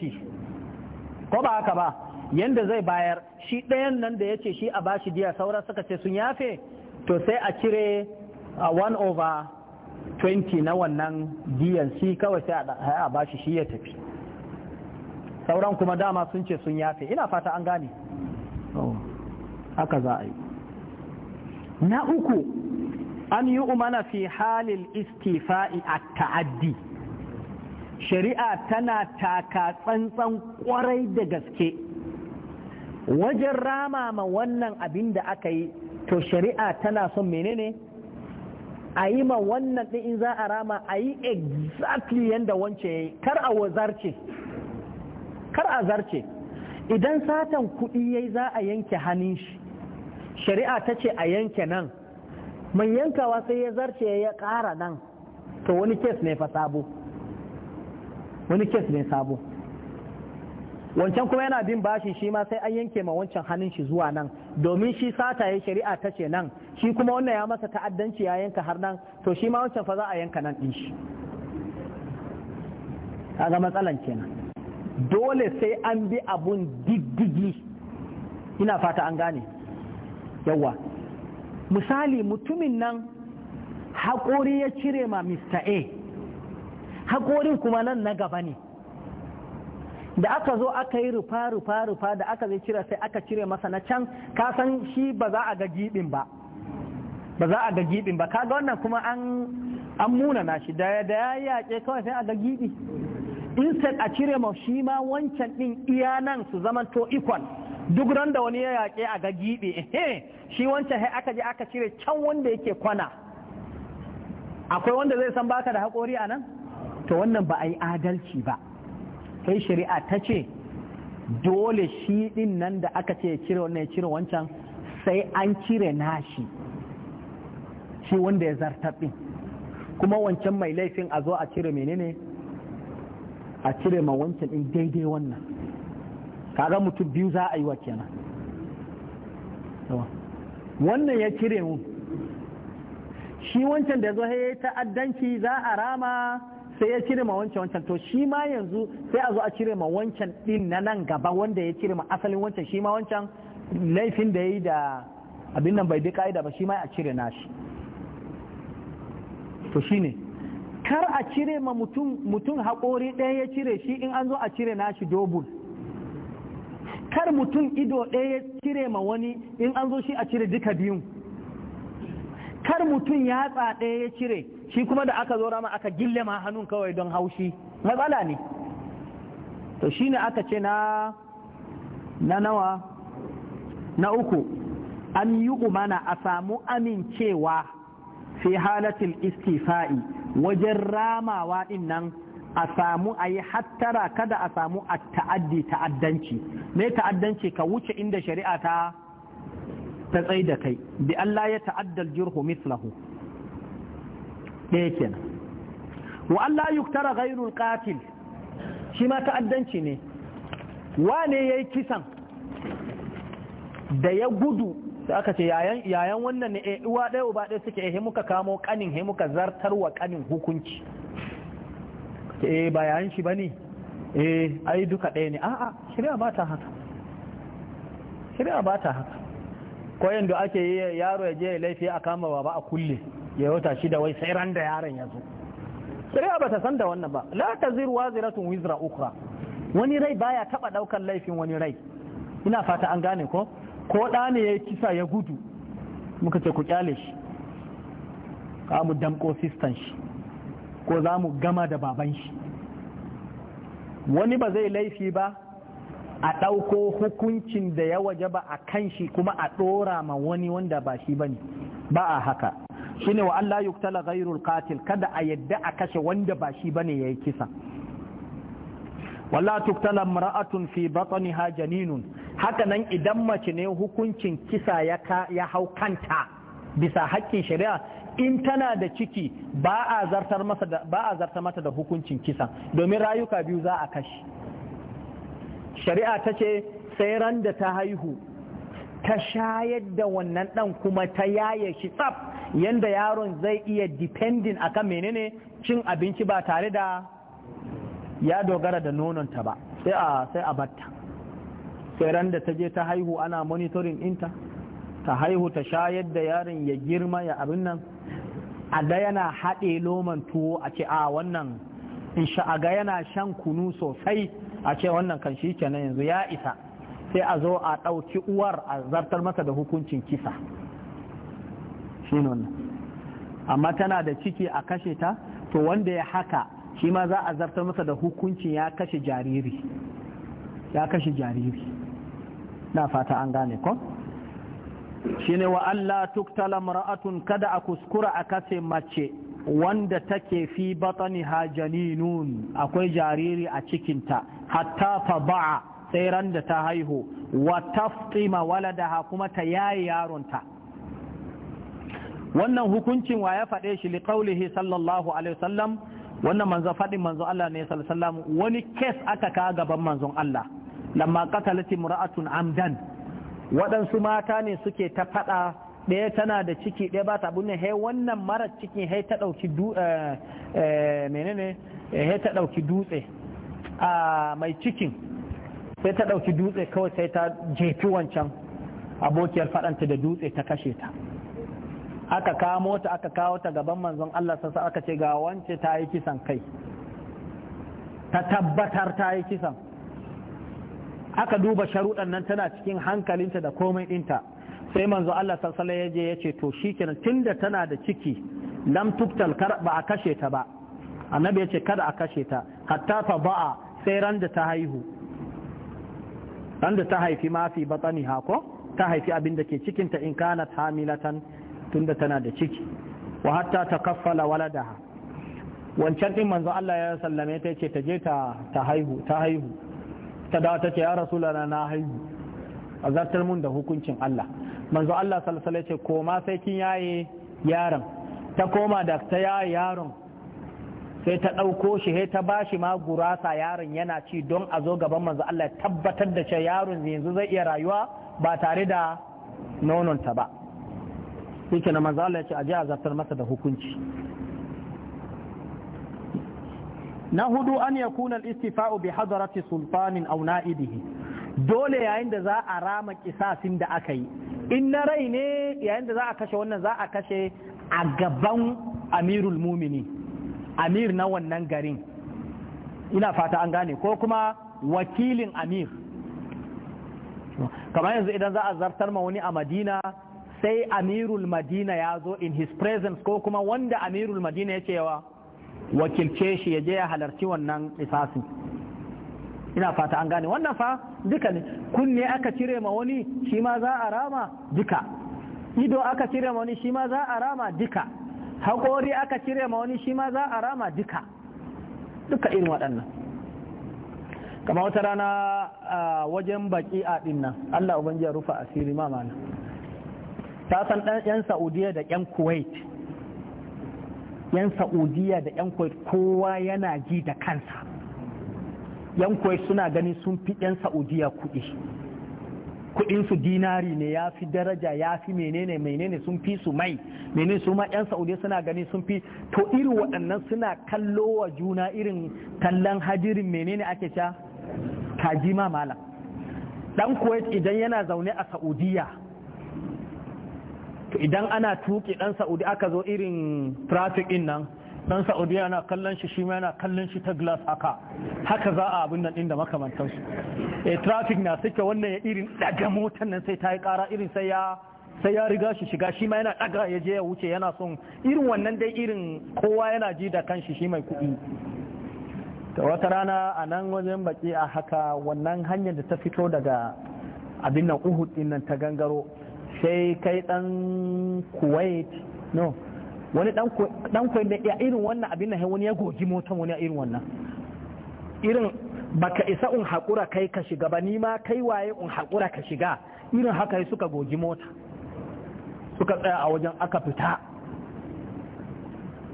ko ba haka ba yanda zai bayar shi ɗayan nan da ya ce shi a bashi diya saura suka ce sun yafe to sai a cire a 1 over 20 na wannan diyan shi kawai sai a bashi shi ya tafi sauran kuma dama sun ce sun yafe ina fata an gane haka za a yi na uku an yi umana fi halin istifa'i a ta'addi shari'a tana taka tsantsan kwarai da gaske wajen rama ma wannan abin da aka yi to shari'a tana son menene a yi ma wannan ɗin in za a rama a yi exactly yadda wance ya yi kar a wazarce kar a zarce idan satan kuɗi ya yi za a yanke hannun shi shari'a ta ce a yanke nan mai yankawa sai ya zarce ya ƙara nan to wani kes ne fa sabo wani kes ne sabo wancan kuma yana bin bashi shi ma sai an yanke ma wancan hannun shi zuwa nan domin shi sata ya shari'a ta ce nan shi kuma wannan ya masa ta'addanci ya yanka har nan to shi ma wancan fa za a yanka nan din shi kaga matsalan kenan dole sai an bi abun diddigi ina fata an gane yawa misali mutumin nan haƙori ya cire ma mr a haƙorin kuma nan na gaba ne da aka zo aka yi rufa rufa rufa da aka zai cire sai aka cire masa na can kasan shi ba za a ga giɓin ba ba za a ga giɓin ba kaga wannan kuma an muna na shi da ya yaƙe kawai sai a ga giɓi instead a cire ma shi ma wancan ɗin iya nan su to ikon duk ran da wani ya yaƙe a ga giɓe shi wancan hai aka je aka cire can wanda yake kwana akwai wanda zai san baka da haƙori a nan to wannan ba a yi adalci ba sai shari'a ta ce dole shi ɗin nan da aka ce ya cire wannan ya cire wancan sai an cire nashi shi wanda ya zartar ɗin kuma wancan mai laifin a zo a cire menene a cire ma wancan ɗin daidai wannan kaga mutum biyu za a yi wa kenan wannan ya cire mu shi wancan da zo ya ta'addanci za a rama sai ya cire ma wancan wancan to shi ma yanzu sai a zo a cire ma wancan din na nan gaba wanda ya cire ma asalin wancan shi ma wancan laifin da ya yi da abin nan bai bi ka'ida ba shi ma a cire nashi to shi ne kar a cire ma mutum mutum haƙori ɗaya ya cire shi in an zo a cire nashi dobul kar mutum ido ɗaya ya cire ma wani in an zo shi a cire duka biyun kar mutum ya ɗaya ya cire shi kuma da aka zo rama aka gille ma hannun kawai don haushi matsala ne to shine aka ce na na nawa na uku an yi umana a samu amincewa fi halatul istifa'i wajen ramawa din a samu a yi hattara kada a samu a ta'addi ta'addanci me ta'addanci ka wuce inda shari'a ta ta tsai da kai bi Allah ya ta'addal jirhu mislahu ɗaya kenan wa Allah yuktara ghairul qatil shi ma ta'addanci ne wane yayi kisan da ya gudu da aka ce yayan wannan ne eh, uwa ɗaya uba ɗaya suke eh muka kamo kanin he muka zartarwa kanin hukunci eh ba yayin shi ba ne e eh, ai duka ɗaya ne a'a shari'a ba ta haka shari'a ba ta haka ko yanda ake yi yaro ya je ya laifi a kama ba a kulle ya yauta shi da wai sai ran da yaron ya zo shari'a ba ta san da wannan ba la ta tazir waziratun wizra ukra wani rai baya taba daukan laifin wani rai ina fata an gane ko ko da ne ya kisa ya gudu muka ce ku kyale shi ka mu damko sistan shi ko za mu gama da baban shi wani ba zai laifi ba a ɗauko hukuncin da ya waje ba a kan shi kuma a ɗora ma wani wanda ba shi ba ne ba a haka shine wa Allah yuktala ghairul qatil kada a yadda a kashe wanda ba shi ya yayi kisa wala tuktala mar'atun fi ha janinun haka nan idan mace ne hukuncin kisa ya ya hau kanta bisa haƙƙin shari'a in tana da ciki ba a zartar masa da mata da hukuncin kisa domin rayuka biyu za a kashi shari'a ta ce sai ran da ta haihu ta shayar da wannan dan kuma ta yaye shi tsaf yadda yaron zai iya depending kan menene cin abinci ba tare da ya dogara da nononta ba sai a sai a batta sai ran da ta je ta haihu ana monitoring inta ta haihu ta shayar da yaron ya girma ya abin nan a da yana haɗe loman tuwo a ce a wannan a ga yana shan kunu sosai a ce wannan kan shi kenan yanzu ya isa sai a zo a ɗauki uwar a zartar masa da hukuncin kisa shi wannan amma tana da ciki a kashe ta to wanda ya haka shi ma za a zartar masa da hukuncin ya kashe jariri ya kashe jariri na fata an gane ko? shine wa Allah tuktala mar'atun kada a kuskura a kace mace wanda take fi batani hajaninun akwai jariri a cikinta hatta fa tseren da ta haihu wa taftima ha kuma ta yayi yaronta wannan hukuncin wa ya faɗe shi liqaulihi sallallahu alaihi wasallam wannan manzo faɗin manzo Allah ne sallallahu alaihi wasallam wani kes aka ka gaban manzon Allah lamma qatalat imra'atun amdan waɗansu mata ne suke ta faɗa ɗaya tana da ciki ɗaya ba ta ne hai wannan mara ciki hai ta ɗauki hai eh, eh, ta ɗauki dutse a mai cikin sai ta ɗauki dutse kawai sai ta jefi wancan abokiyar faɗanta da dutse ta kashe ta aka kamo ta aka kawo ta gaban manzon Allah sassa aka ce ga wance ta yi kisan kai ta tabbatar ta yi kisan aka duba sharuɗan nan tana cikin hankalinta da komai ɗinta sai manzo Allah sassala ya je ya ce to shikenan tunda tana da ciki lam tubtal ba a kashe ta ba annabi ya ce kada a kashe ta hatta ta ba'a sai ran da ta haihu ran da ta haifi mafi ha hako ta haifi abin da ke cikinta in kanat hamilatan tunda tana da ciki wa hatta ta kaffala waladaha wancan din manzo Allah ya sallame ta ce ta je ta haihu ta haihu ta dawo ta ce ya rasu na haihu a zartar mun da hukuncin Allah manzo Allah salasala ce koma sai kin yaye yaron ta koma da ta yaye yaron sai ta ɗauko shi sai ta bashi ma gurasa yaron yana ci don a zo gaban manzo Allah tabbatar da ce yaron yanzu zai iya rayuwa ba tare da nononta ba yake na manzo Allah ya ce a ji a zartar masa da hukunci na hudu an ya kuna istifa'u bi hadarati sultanin au na'ibihi dole yayin da za a rama kisasin da aka yi in na rai ne yayin da za a kashe wannan za a kashe a gaban amirul mumini amir na wannan garin ina fata an gane ko kuma wakilin amir kamar yanzu idan za a zartar ma wani a madina sai amirul madina ya zo in his presence ko kuma wanda amirul madina ya yawa. wakilce shi ya je ya halarci wannan isasi ina fata an gane wannan fa duka ne kunne aka cire ma wani shi ma za a rama duka ido aka cire ma wani shi ma za a rama duka haƙori aka cire ma wani shi ma za a rama duka duka irin waɗannan kama wata rana a wajen baƙi a nan, Allah ubangiji ya rufa asiri mamana ta san ɗan 'yan Saudiya da ƴan Kuwait yan saudiya da yan kuwait kowa yana ji da kansa yan kuwait suna gani sun fi yan saudiya kuɗi kuɗin su dinari ne ya fi daraja ya fi menene menene sun fi su mai menene su ma yan saudiya suna gani sun fi to irin waɗannan suna kallo wa juna irin kallon hadirin menene ake ca kaji ma malam dan kuwait idan yana zaune a saudiya to idan ana tuki dan saudi aka zo irin traffic din nan dan saudi yana kallon shi shi ma yana kallon shi ta glass haka haka za a abin nan din da makamantan su eh traffic na suke wannan ya irin daga motar nan sai ta yi kara irin sai ya sai ya riga shi shiga shi ma yana daga ya je ya wuce yana son irin wannan dai irin kowa yana ji da kanshi shi mai kuɗi ta wata rana a nan wajen baki a haka wannan hanyar da ta fito daga abin nan uhud din nan ta gangaro sai kai dan kuwait no wani dan kuwait da ya irin wannan abin na wani ya gogi motan wani a irin wannan irin baka isa un haƙura kai ka shiga ba ni ma kai waye un haƙura ka shiga irin haka suka gogi mota suka tsaya a wajen aka fita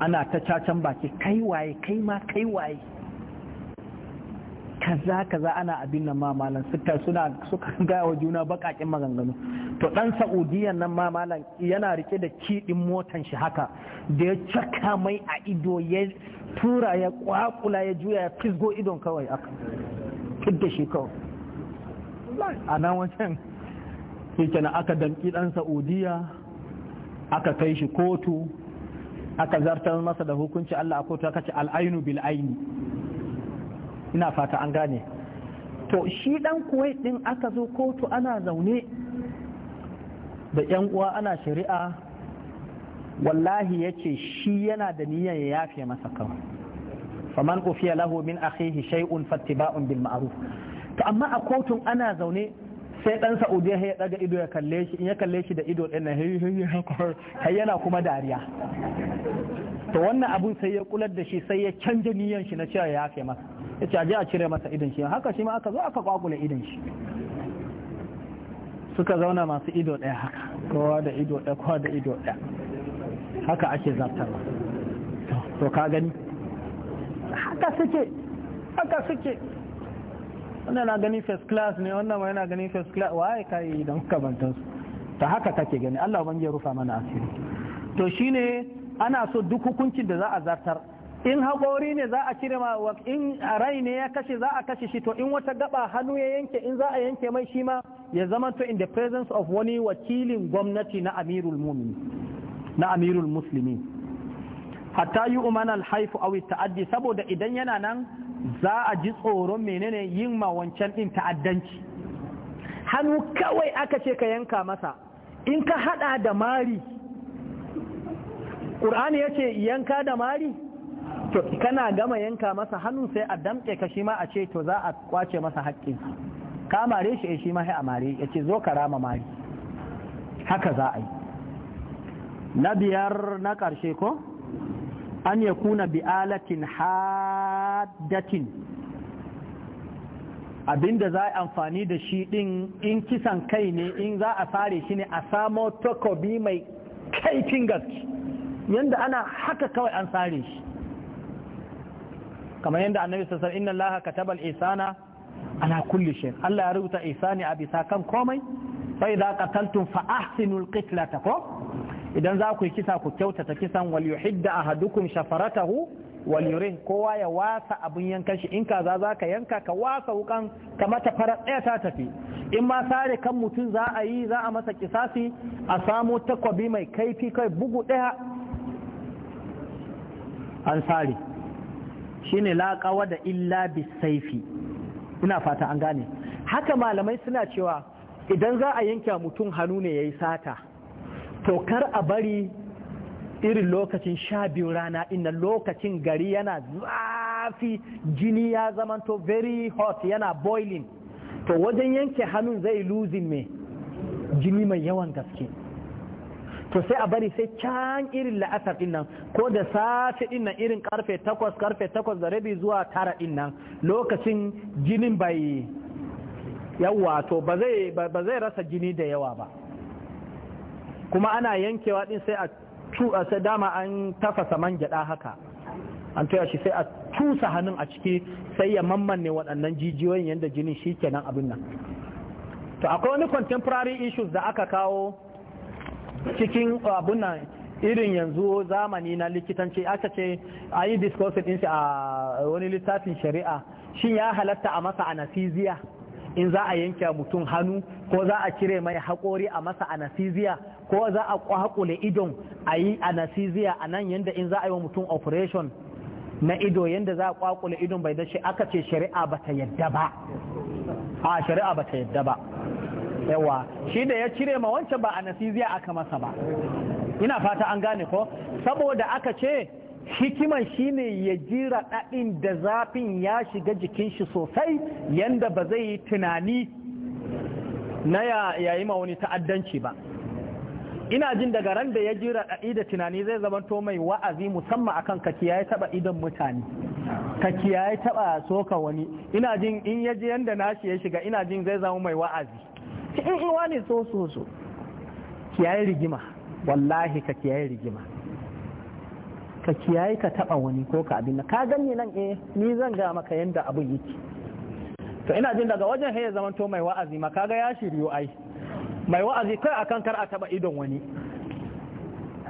ana ta cacan baki kai waye kai ma kai waye kaza kaza ana abin nan mamalan suka suna suka gaya wa juna bakakin maganganu to ɗan sa'udiyan nan ma malam yana rike da kiɗin motan shi haka da ya caka mai a ido ya tura ya kwakula ya juya ya fisgo idon kawai aka fidda shi kawai a nan wajen shi aka damƙi dan sa'udiya aka kai shi kotu aka zartar masa da hukunci Allah a kotu aka ce al'ainu bil ina fata an gane to shi dan kuwait din aka zo kotu ana zaune da yan uwa ana shari'a wallahi ya ce shi yana da niyyar ya yafe masa kawai faman ufiya lahu min akhihi shay'un fattiba'un bil ma'ruf to amma a kotun ana zaune sai dan saudiya ya daga ido ya kalle shi in ya kalle shi da ido din na hey yana kuma dariya to wannan abun sai ya kular da shi sai ya canja niyyar shi na cewa ya yafe masa ya ce a cire masa idan shi haka shi ma aka zo aka kwakula idan shi suka zauna masu ido ɗaya haka kowa da ido ɗaya kowa da ido ɗaya haka ake zartarwa to ka gani haka suke haka suke wannan na gani first class ne wannan ma yana gani first class waye kai da makamantansu ta haka kake gani Allah ban ya rufa mana asiri to shine ana so duk hukuncin da za a zartar in haƙori ne za a cire ma in rai ne ya kashe za a kashe shi to in wata gaba hannu ya yanke in za a yanke mai shi ma ya zama to in the presence of wani wakilin gwamnati na amirul mumini na amirul muslimi hatta yi umana alhaifu ta'addi saboda idan yana nan za a ji tsoron menene yin ma wancan din ta'addanci hannu kawai aka ce ka yanka masa in ka hada da mari ƙur'ani ya ce yanka da mari to kana gama yanka masa hannu sai a damke ka shi ma a ce to za a kwace masa haƙƙin ka mare shi eh, shi ma sai a mare ya ce zo ka rama mari haka za a yi na biyar na ƙarshe ko an ya kuna bi'alatin haddatin abinda za a amfani da shi ɗin in kisan kai ne in za a fare shi ne a samo takobi mai kaifin gaske yadda ana haka kawai an sare shi kamar yadda annabi sallallahu alaihi inna allaha katabal ihsana ala kulli shay Allah ya rubuta isani a bisa kan komai sai da qataltum fa ahsinul qitlata ko idan za ku yi kisa ku kyautata kisan wal yuhidda ahadukum shafaratahu wal yurih kowa ya wasa abun yankan shi in kaza za ka yanka ka wasa wukan kamar ta fara ta tafi in ma sare kan mutum za a yi za a masa kisasi a samo takwabi mai kaifi kai bugu ɗaya an sare shine laƙawa da illa bisaifi ina fata an gane haka malamai suna cewa idan za a yanke mutum hannu ne ya yi sata to kar a bari irin lokacin sha biyu rana inda lokacin gari yana zafi jini ya zamanto very hot yana boiling to wajen yanke hannun zai losing me jini mai yawan gaske to sai a bari sai can irin la'asar din nan ko da safe din nan irin karfe takwas karfe takwas da rabi zuwa tara din nan lokacin jinin bai yawa to ba zai rasa jini da yawa ba kuma ana yankewa din sai a a sai dama an tafasa man gyada haka an tuya shi sai a tusa hannun a ciki sai ya mammanne waɗannan jijiyoyin yadda jinin shi kenan abin nan to akwai wani contemporary issues da aka kawo cikin uh, abuna irin yanzu zamani na likitanci aka ce a yi discourse ɗinsu a wani littafin shari'a shin ya halatta a masa anesthesia in za a yanke mutum hannu ko za a cire mai haƙori a masa anesthesia ko za a kwakule idon a yi anesthesia a nan yadda in za a yi wa mutum operation na ido yadda za a kwakule idon bai shi? aka ce shari'a ba ta yadda ba a shari'a ba ta yadda ba yawa shi da ya cire ma wancan ba a nasiziya aka masa ba ina fata an gane ko saboda aka ce hikiman shine ya jira ɗaɗin da zafin ya shiga jikin shi sosai yanda ba zai yi tunani na yayi ma wani ta'addanci ba ina jin daga ran da ya jira ɗaɗi da tunani zai zamanto mai wa'azi musamman akan ka kiyaye taɓa idon mutane ka kiyaye taɓa soka wani ina jin in ya ji yanda nashi ya shiga ina jin zai zama mai wa'azi ci in ne so so so kiyaye rigima wallahi ka kiyaye rigima ka kiyaye ka taba wani ko ka abin ka gani nan eh ni zan ga maka yanda abin yake to ina jin daga wajen haye zaman to mai wa'azi ma kaga ya shiryo ai mai wa'azi kai akan kar a taba idon wani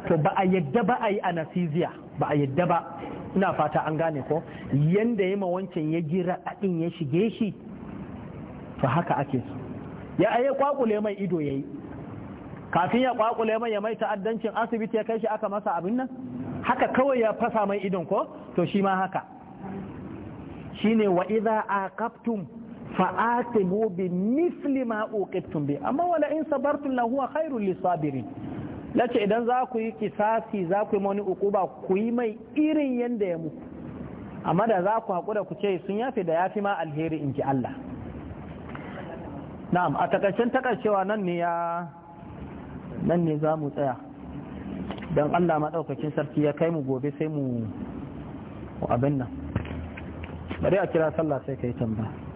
to ba a yadda ba a yi anesthesia ba a yadda ba ina fata an gane ko yanda ya ma wancan ya ji raɗaɗin ya shige shi to haka ake so ya aye kwakule mai ido yayi kafin ya kwakule mai ya mai ta'addancin asibiti ya kai shi aka masa abin nan haka kawai ya fasa mai idon ko to shi ma haka shine wa idza aqabtum atimu bi misli ma uqibtum bi amma wala in sabartum la huwa khairul lisabirin lace idan za ku yi kisasi za ku yi mani ukuba ku yi mai irin yanda ya muku amma da za ku haƙura ku ce sun yafe da yafi ma alheri in ji Allah na'am a takashin takashewa nan ne ya nan ne za mu tsaya don allah maɗaukacin sarki ya kai mu gobe sai mu abin nan bari a kira sallah sai ka yi tambaya